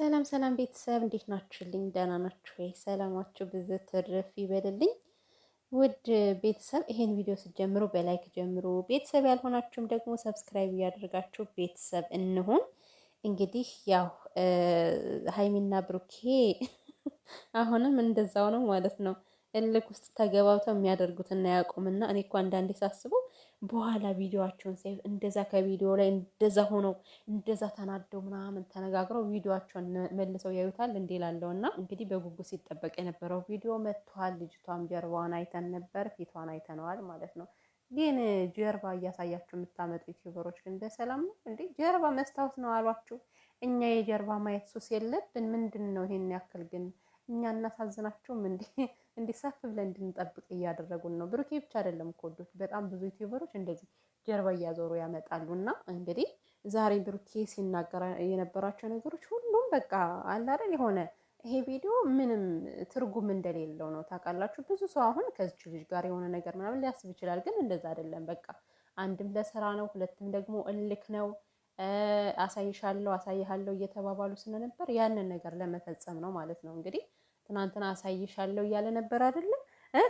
ሰላም ሰላም ቤተሰብ እንዴት ናችሁልኝ? ደህና ናችሁ ወይ? ሰላማችሁ ብዙ ትርፍ ይበልልኝ። ውድ ቤተሰብ ይሄን ቪዲዮ ስትጀምሩ በላይክ ጀምሩ። ቤተሰብ ያልሆናችሁም ደግሞ ሰብስክራይብ እያደረጋችሁ ቤተሰብ እንሁን። እንግዲህ ያው ሀይሚና ብሩኬ አሁንም እንደዛው ነው ማለት ነው። እልክ ውስጥ ተገባብተው የሚያደርጉትና ያቆምና እኔ እኮ አንዳንዴ ሳስበው በኋላ ቪዲዮቸውን ሳይ እንደዛ ከቪዲዮ ላይ እንደዛ ሆነው እንደዛ ተናደው ምናምን ተነጋግረው ቪዲዮቸውን መልሰው ያዩታል እንዴ ላለው እና እንግዲህ በጉጉት ሲጠበቅ የነበረው ቪዲዮ መጥቷል። ልጅቷም ጀርባዋን አይተን ነበር፣ ፊቷን አይተነዋል ማለት ነው። ግን ጀርባ እያሳያችሁ የምታመጡ ዩቲዩበሮች ግን በሰላም ነው እንዴ? ጀርባ መስታወት ነው አሏችሁ። እኛ የጀርባ ማየት ሱስ የለብን። ምንድን ነው ይሄን ያክል ግን እኛ እናሳዝናችሁም እንዴ? እንዲህ ሰፍ ብለን እንድንጠብቅ እያደረጉን ነው። ብሩኬ ብቻ አይደለም እኮ ወዶች፣ በጣም ብዙ ዩቲዩበሮች እንደዚህ ጀርባ እያዞሩ ያመጣሉ። እና እንግዲህ ዛሬ ብሩኬ ሲናገር የነበራቸው ነገሮች ሁሉም በቃ አላደል የሆነ ይሄ ቪዲዮ ምንም ትርጉም እንደሌለው ነው። ታውቃላችሁ፣ ብዙ ሰው አሁን ከዚች ልጅ ጋር የሆነ ነገር ምናምን ሊያስብ ይችላል። ግን እንደዛ አይደለም። በቃ አንድም ለስራ ነው፣ ሁለትም ደግሞ እልክ ነው። አሳይሻለሁ፣ አሳይሃለሁ እየተባባሉ ስለነበር ያንን ነገር ለመፈጸም ነው ማለት ነው እንግዲህ ትናንትና አሳይሻለሁ እያለ ነበር አይደለም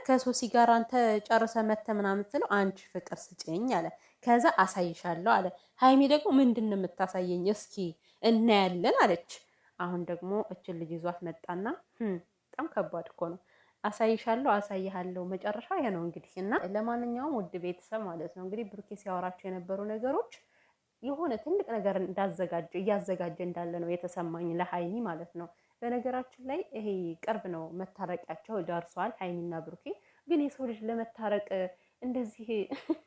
ከሶሲ ጋር አንተ ጨርሰ መተ ምናምን ስለው አንቺ ፍቅር ስጭኝ አለ። ከዛ አሳይሻለሁ አለ። ሀይሚ ደግሞ ምንድን የምታሳየኝ እስኪ እናያለን አለች። አሁን ደግሞ እችን ልጅ ይዟት መጣና hm በጣም ከባድ እኮ ነው። አሳይሻለሁ አሳይሃለሁ መጨረሻ ይሄ ነው እንግዲህ እና ለማንኛውም ውድ ቤተሰብ ማለት ነው እንግዲህ ብሩኬ ሲያወራቸው የነበሩ ነገሮች የሆነ ትልቅ ነገር እንዳዘጋጀ እያዘጋጀ እንዳለ ነው የተሰማኝ ለሀይሚ ማለት ነው። በነገራችን ላይ ይሄ ቅርብ ነው መታረቂያቸው ደርሷል። ሀይሚና ብሩኬ ግን የሰው ልጅ ለመታረቅ እንደዚህ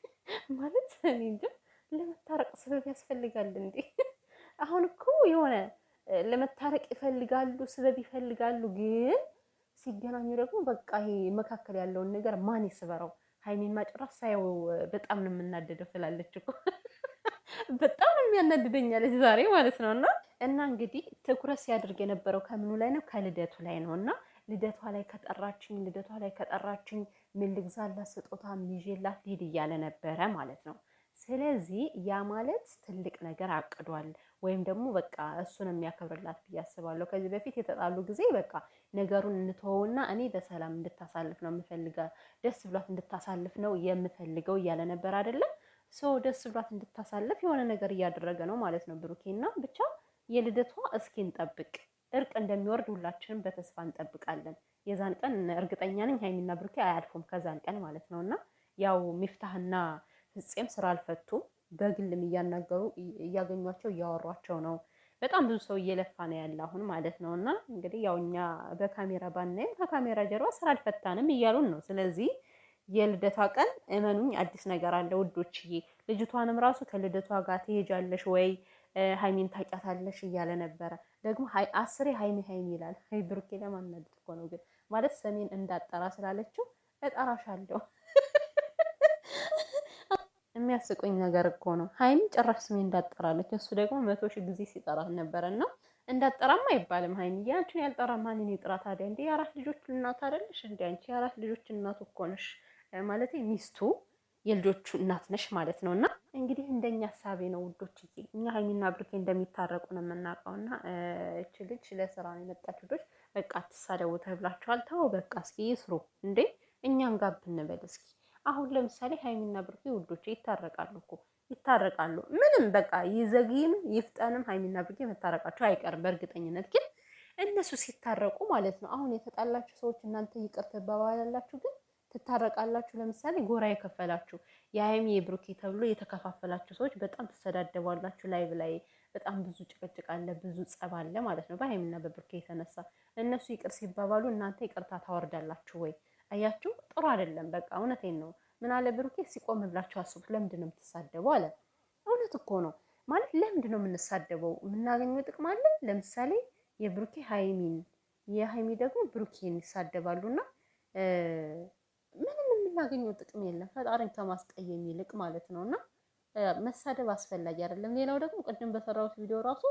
ማለት እንጃ ለመታረቅ ስበብ ያስፈልጋል እንዴ? አሁን እኮ የሆነ ለመታረቅ ይፈልጋሉ፣ ስበብ ይፈልጋሉ። ግን ሲገናኙ ደግሞ በቃ ይሄ መካከል ያለውን ነገር ማን ይስበረው? ሀይሚን ማጭራፍ ሳየው በጣም ነው የምናደደው ትላለች እኮ በጣም ነው የሚያናድደኛለች ዛሬ ማለት ነው። እና እና እንግዲህ ትኩረት ሲያደርግ የነበረው ከምኑ ላይ ነው? ከልደቱ ላይ ነው። እና ልደቷ ላይ ከጠራችኝ ልደቷ ላይ ከጠራችኝ ምን ልግዛላት ስጦታ ይዤላት ልሂድ እያለ ነበረ ማለት ነው። ስለዚህ ያ ማለት ትልቅ ነገር አቅዷል ወይም ደግሞ በቃ እሱን የሚያከብርላት ብዬ አስባለሁ። ከዚህ በፊት የተጣሉ ጊዜ በቃ ነገሩን እንትወውና እኔ በሰላም እንድታሳልፍ ነው የምፈልገው፣ ደስ ብሏት እንድታሳልፍ ነው የምፈልገው እያለ ነበር አይደለም። ሰው ደስ ብሏት እንድታሳልፍ የሆነ ነገር እያደረገ ነው ማለት ነው ብሩኬ ብቻ የልደቷ እስኪ እንጠብቅ። እርቅ እንደሚወርድ ሁላችንም በተስፋ እንጠብቃለን። የዛን ቀን እርግጠኛ ነኝ ሀይሚና ብሩኬ አያልፉም ከዛን ቀን ማለት ነው እና ያው ሚፍታህና ፍጼም ስራ አልፈቱም። በግልም እያናገሩ እያገኟቸው እያወሯቸው ነው። በጣም ብዙ ሰው እየለፋ ነው ያለ አሁን ማለት ነው እና እንግዲህ ያው እኛ በካሜራ ባናይም ከካሜራ ጀርባ ስራ አልፈታንም እያሉን ነው ስለዚህ የልደቷ ቀን እመኑኝ አዲስ ነገር አለ ውዶችዬ። ልጅቷንም ራሱ ከልደቷ ጋር ትሄጃለሽ ወይ ሀይሚን ታውቂያታለሽ እያለ ነበረ። ደግሞ አስሬ ሀይሚ ሀይሚ ይላል። ሀይ ብሩኬ ለማናደድ እኮ ነው ግን ማለት ሰሜን እንዳጠራ ስላለችው እጠራሻለሁ። የሚያስቁኝ ነገር እኮ ነው። ሀይሚ ጭራሽ ስሜ እንዳጠራለች፣ እሱ ደግሞ መቶ ሺህ ጊዜ ሲጠራ ነበረ እና እንዳጠራም አይባልም። ሀይሚ አንቺን ያልጠራ ማንን ይጥራ ታዲያ? እንዲ የአራት ልጆች እናት አይደለሽ? እንዲ አንቺ የአራት ልጆች እናት እኮ ነሽ። ማለት ሚስቱ የልጆቹ እናት ነሽ ማለት ነው። እና እንግዲህ እንደኛ ሀሳቤ ነው ውዶች፣ እኛ ሀይሚና ብሩኬ እንደሚታረቁ ነው የምናውቀው። እና እች ልጅ ለስራ ነው የመጣች። ልጆች በቃ አትሳደቡ ተብላችኋል። ተው በቃ እስኪ ይስሩ እንዴ፣ እኛም ጋር ብንበል እስኪ። አሁን ለምሳሌ ሀይሚና ብሩኬ ውዶች ይታረቃሉ እኮ ይታረቃሉ። ምንም በቃ ይዘግይም ይፍጠንም ሀይሚና ብሩኬ መታረቃቸው አይቀርም በእርግጠኝነት ግን እነሱ ሲታረቁ ማለት ነው። አሁን የተጣላችሁ ሰዎች እናንተ ይቅር ትባባላላችሁ፣ ግን ትታረቃላችሁ። ለምሳሌ ጎራ የከፈላችሁ የሀይሚ የብሩኬ ተብሎ የተከፋፈላችሁ ሰዎች በጣም ትሰዳደባላችሁ። ላይቭ ላይ በጣም ብዙ ጭቅጭቅ አለ፣ ብዙ ጸብ አለ ማለት ነው በሀይሚና በብሩኬ የተነሳ። እነሱ ይቅር ሲባባሉ እናንተ ይቅርታ ታወርዳላችሁ ወይ? አያችሁ፣ ጥሩ አይደለም። በቃ እውነቴን ነው። ምን አለ ብሩኬ ሲቆም ብላችሁ አስቡት። ለምንድን ነው የምትሳደቡ አለ። እውነት እኮ ነው ማለት ለምንድን ነው የምንሳደበው? የምናገኘው ጥቅም አለ? ለምሳሌ የብሩኬ ሀይሚን የሀይሚ ደግሞ ብሩኬን ይሳደባሉና ምንም የምናገኘው ጥቅም የለም ፈጣሪን ከማስቀየም ይልቅ ማለት ነው። እና መሳደብ አስፈላጊ አይደለም። ሌላው ደግሞ ቅድም በሰራሁት ቪዲዮ ራሱ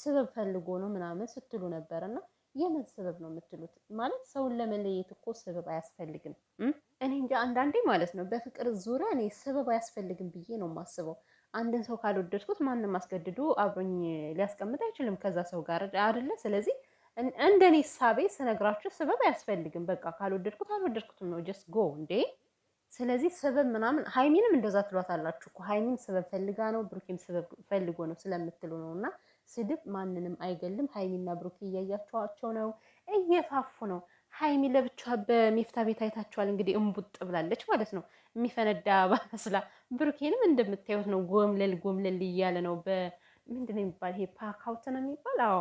ስበብ ፈልጎ ነው ምናምን ስትሉ ነበር እና የምን ስበብ ነው የምትሉት? ማለት ሰውን ለመለየት እኮ ስበብ አያስፈልግም። እኔ እንጂ አንዳንዴ ማለት ነው በፍቅር ዙሪያ እኔ ስበብ አያስፈልግም ብዬ ነው የማስበው። አንድን ሰው ካልወደድኩት ማንም አስገድዶ አብሮኝ ሊያስቀምጥ አይችልም ከዛ ሰው ጋር አይደለ? ስለዚህ እንደኔ ሳቤ ስነግራችሁ ስበብ አያስፈልግም። በቃ ካልወደድኩት አልወደድኩትም ነው ጀስት ጎ እንዴ። ስለዚህ ስበብ ምናምን ሀይሚንም እንደዛ አላችሁ እኮ ሀይሚም ስበብ ፈልጋ ነው፣ ብሩኬም ስበብ ፈልጎ ነው ስለምትሉ ነው። እና ስድብ ማንንም አይገልም። ሀይሚና ብሩኬ እያያቸዋቸው ነው፣ እየፋፉ ነው። ሀይሚ ለብቻ በሚፍታ ቤት አይታችኋል እንግዲህ እምቡጥ ብላለች ማለት ነው፣ የሚፈነዳ ባስላ። ብሩኬንም እንደምታዩት ነው፣ ጎምለል ጎምለል እያለ ነው። በምንድን ነው የሚባል ይሄ ፓካውት ነው የሚባል አዎ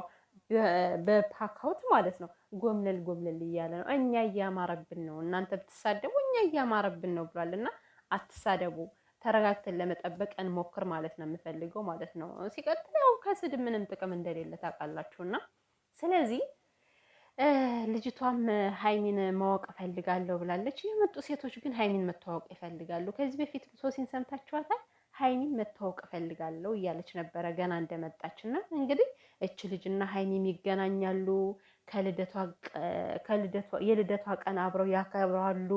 በፓካውት ማለት ነው። ጎምለል ጎምለል እያለ ነው። እኛ እያማረብን ነው፣ እናንተ ብትሳደቡ እኛ እያማረብን ነው ብሏል። እና አትሳደቡ፣ ተረጋግተን ለመጠበቅ እንሞክር ማለት ነው የምፈልገው ማለት ነው። ሲቀጥል ያው ከስድብ ምንም ጥቅም እንደሌለ ታውቃላችሁ። እና ስለዚህ ልጅቷም ሀይሚን ማወቅ እፈልጋለሁ ብላለች። የመጡ ሴቶች ግን ሀይሚን መተዋወቅ ይፈልጋሉ። ከዚህ በፊት ሶሲን ሰምታችኋታል። ሀይሚን መተዋወቅ እፈልጋለሁ እያለች ነበረ ገና እንደመጣች እና እንግዲህ እች ልጅና ሀይሚም ይገናኛሉ። የልደቷ ቀን አብረው ያከብራሉ።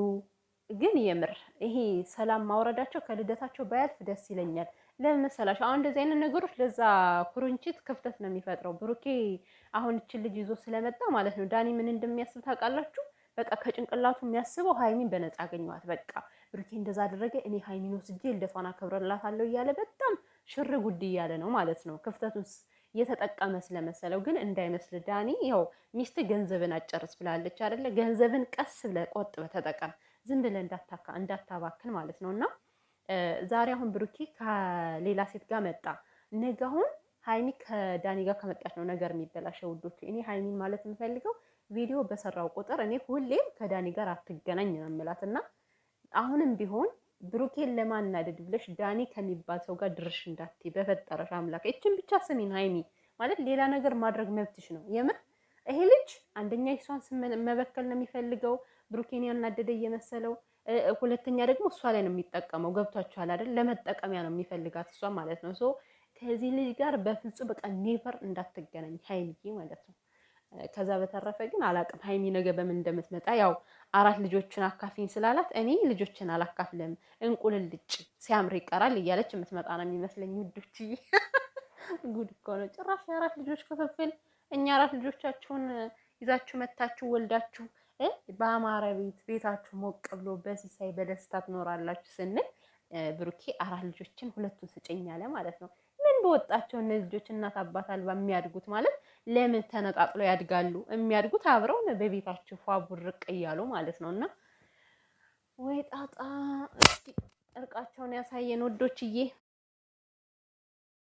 ግን የምር ይሄ ሰላም ማውረዳቸው ከልደታቸው ባያልፍ ደስ ይለኛል። ለመሰላሽ አሁን እንደዚህ አይነት ነገሮች ለዛ ኩርንችት ክፍተት ነው የሚፈጥረው። ብሩኬ አሁን እችን ልጅ ይዞ ስለመጣ ማለት ነው ዳኒ ምን እንደሚያስብ ታውቃላችሁ? በቃ ከጭንቅላቱ የሚያስበው ሀይሚን በነፃ አገኘዋት በቃ ብሩኬ እንደዛ አደረገ፣ እኔ ሀይሚን ወስጄ ልደፋን አከብረላታለሁ እያለ በጣም ሽር ጉድ እያለ ነው ማለት ነው። ክፍተቱን እየተጠቀመ ስለመሰለው ግን እንዳይመስል ዳኒ፣ ያው ሚስት ገንዘብን አጨርስ ብላለች አደለ? ገንዘብን ቀስ ብለ ቆጥበ ተጠቀም፣ ዝም ብለ እንዳታካ እንዳታባክን ማለት ነው። እና ዛሬ አሁን ብሩኬ ከሌላ ሴት ጋር መጣ ነገ አሁን ሀይሚ ከዳኒ ጋር ከመጣች ነው ነገር የሚበላሸ ውዶች። እኔ ሀይሚን ማለት የምፈልገው ቪዲዮ በሰራው ቁጥር እኔ ሁሌም ከዳኒ ጋር አትገናኝ ነው የምላት እና አሁንም ቢሆን ብሩኬን ለማናደድ ብለሽ ዳኒ ከሚባል ሰው ጋር ድርሽ እንዳት በፈጠረሽ አምላክ። ይችን ብቻ ስሚን ሀይሚ ማለት ሌላ ነገር ማድረግ መብትሽ ነው። የምር ይሄ ልጅ አንደኛ እሷን መበከል ነው የሚፈልገው ብሩኬን ያናደደ እየመሰለው፣ ሁለተኛ ደግሞ እሷ ላይ ነው የሚጠቀመው። ገብቷችኋል አይደል? ለመጠቀሚያ ነው የሚፈልጋት እሷ ማለት ነው። ከዚህ ልጅ ጋር በፍጹም በቃ ኔቨር እንዳትገናኝ ሀይሚዬ ማለት ነው። ከዛ በተረፈ ግን አላቅም ሀይሚ ነገ በምን እንደምትመጣ ያው አራት ልጆችን አካፊኝ ስላላት እኔ ልጆችን አላካፍልም እንቁልልጭ ሲያምር ይቀራል እያለች የምትመጣ ነው የሚመስለኝ። ውዶች ጉድ እኮ ነው ጭራሽ የአራት ልጆች ክፍፍል። እኛ አራት ልጆቻችሁን ይዛችሁ መታችሁ ወልዳችሁ በአማራ ቤት ቤታችሁ ሞቅ ብሎ በሲሳይ በደስታ ትኖራላችሁ ስንል ብሩኬ አራት ልጆችን ሁለቱን ስጨኝ አለ ማለት ነው። በወጣቸው እነዚህ ልጆች እናት አባት አልባ የሚያድጉት ማለት ለምን ተነጣጥሎ ያድጋሉ? የሚያድጉት አብረው በቤታችሁ ፏ ቡርቅ እያሉ ማለት ነው። እና ወይ ጣጣ እርቃቸውን ያሳየን ወዶችዬ።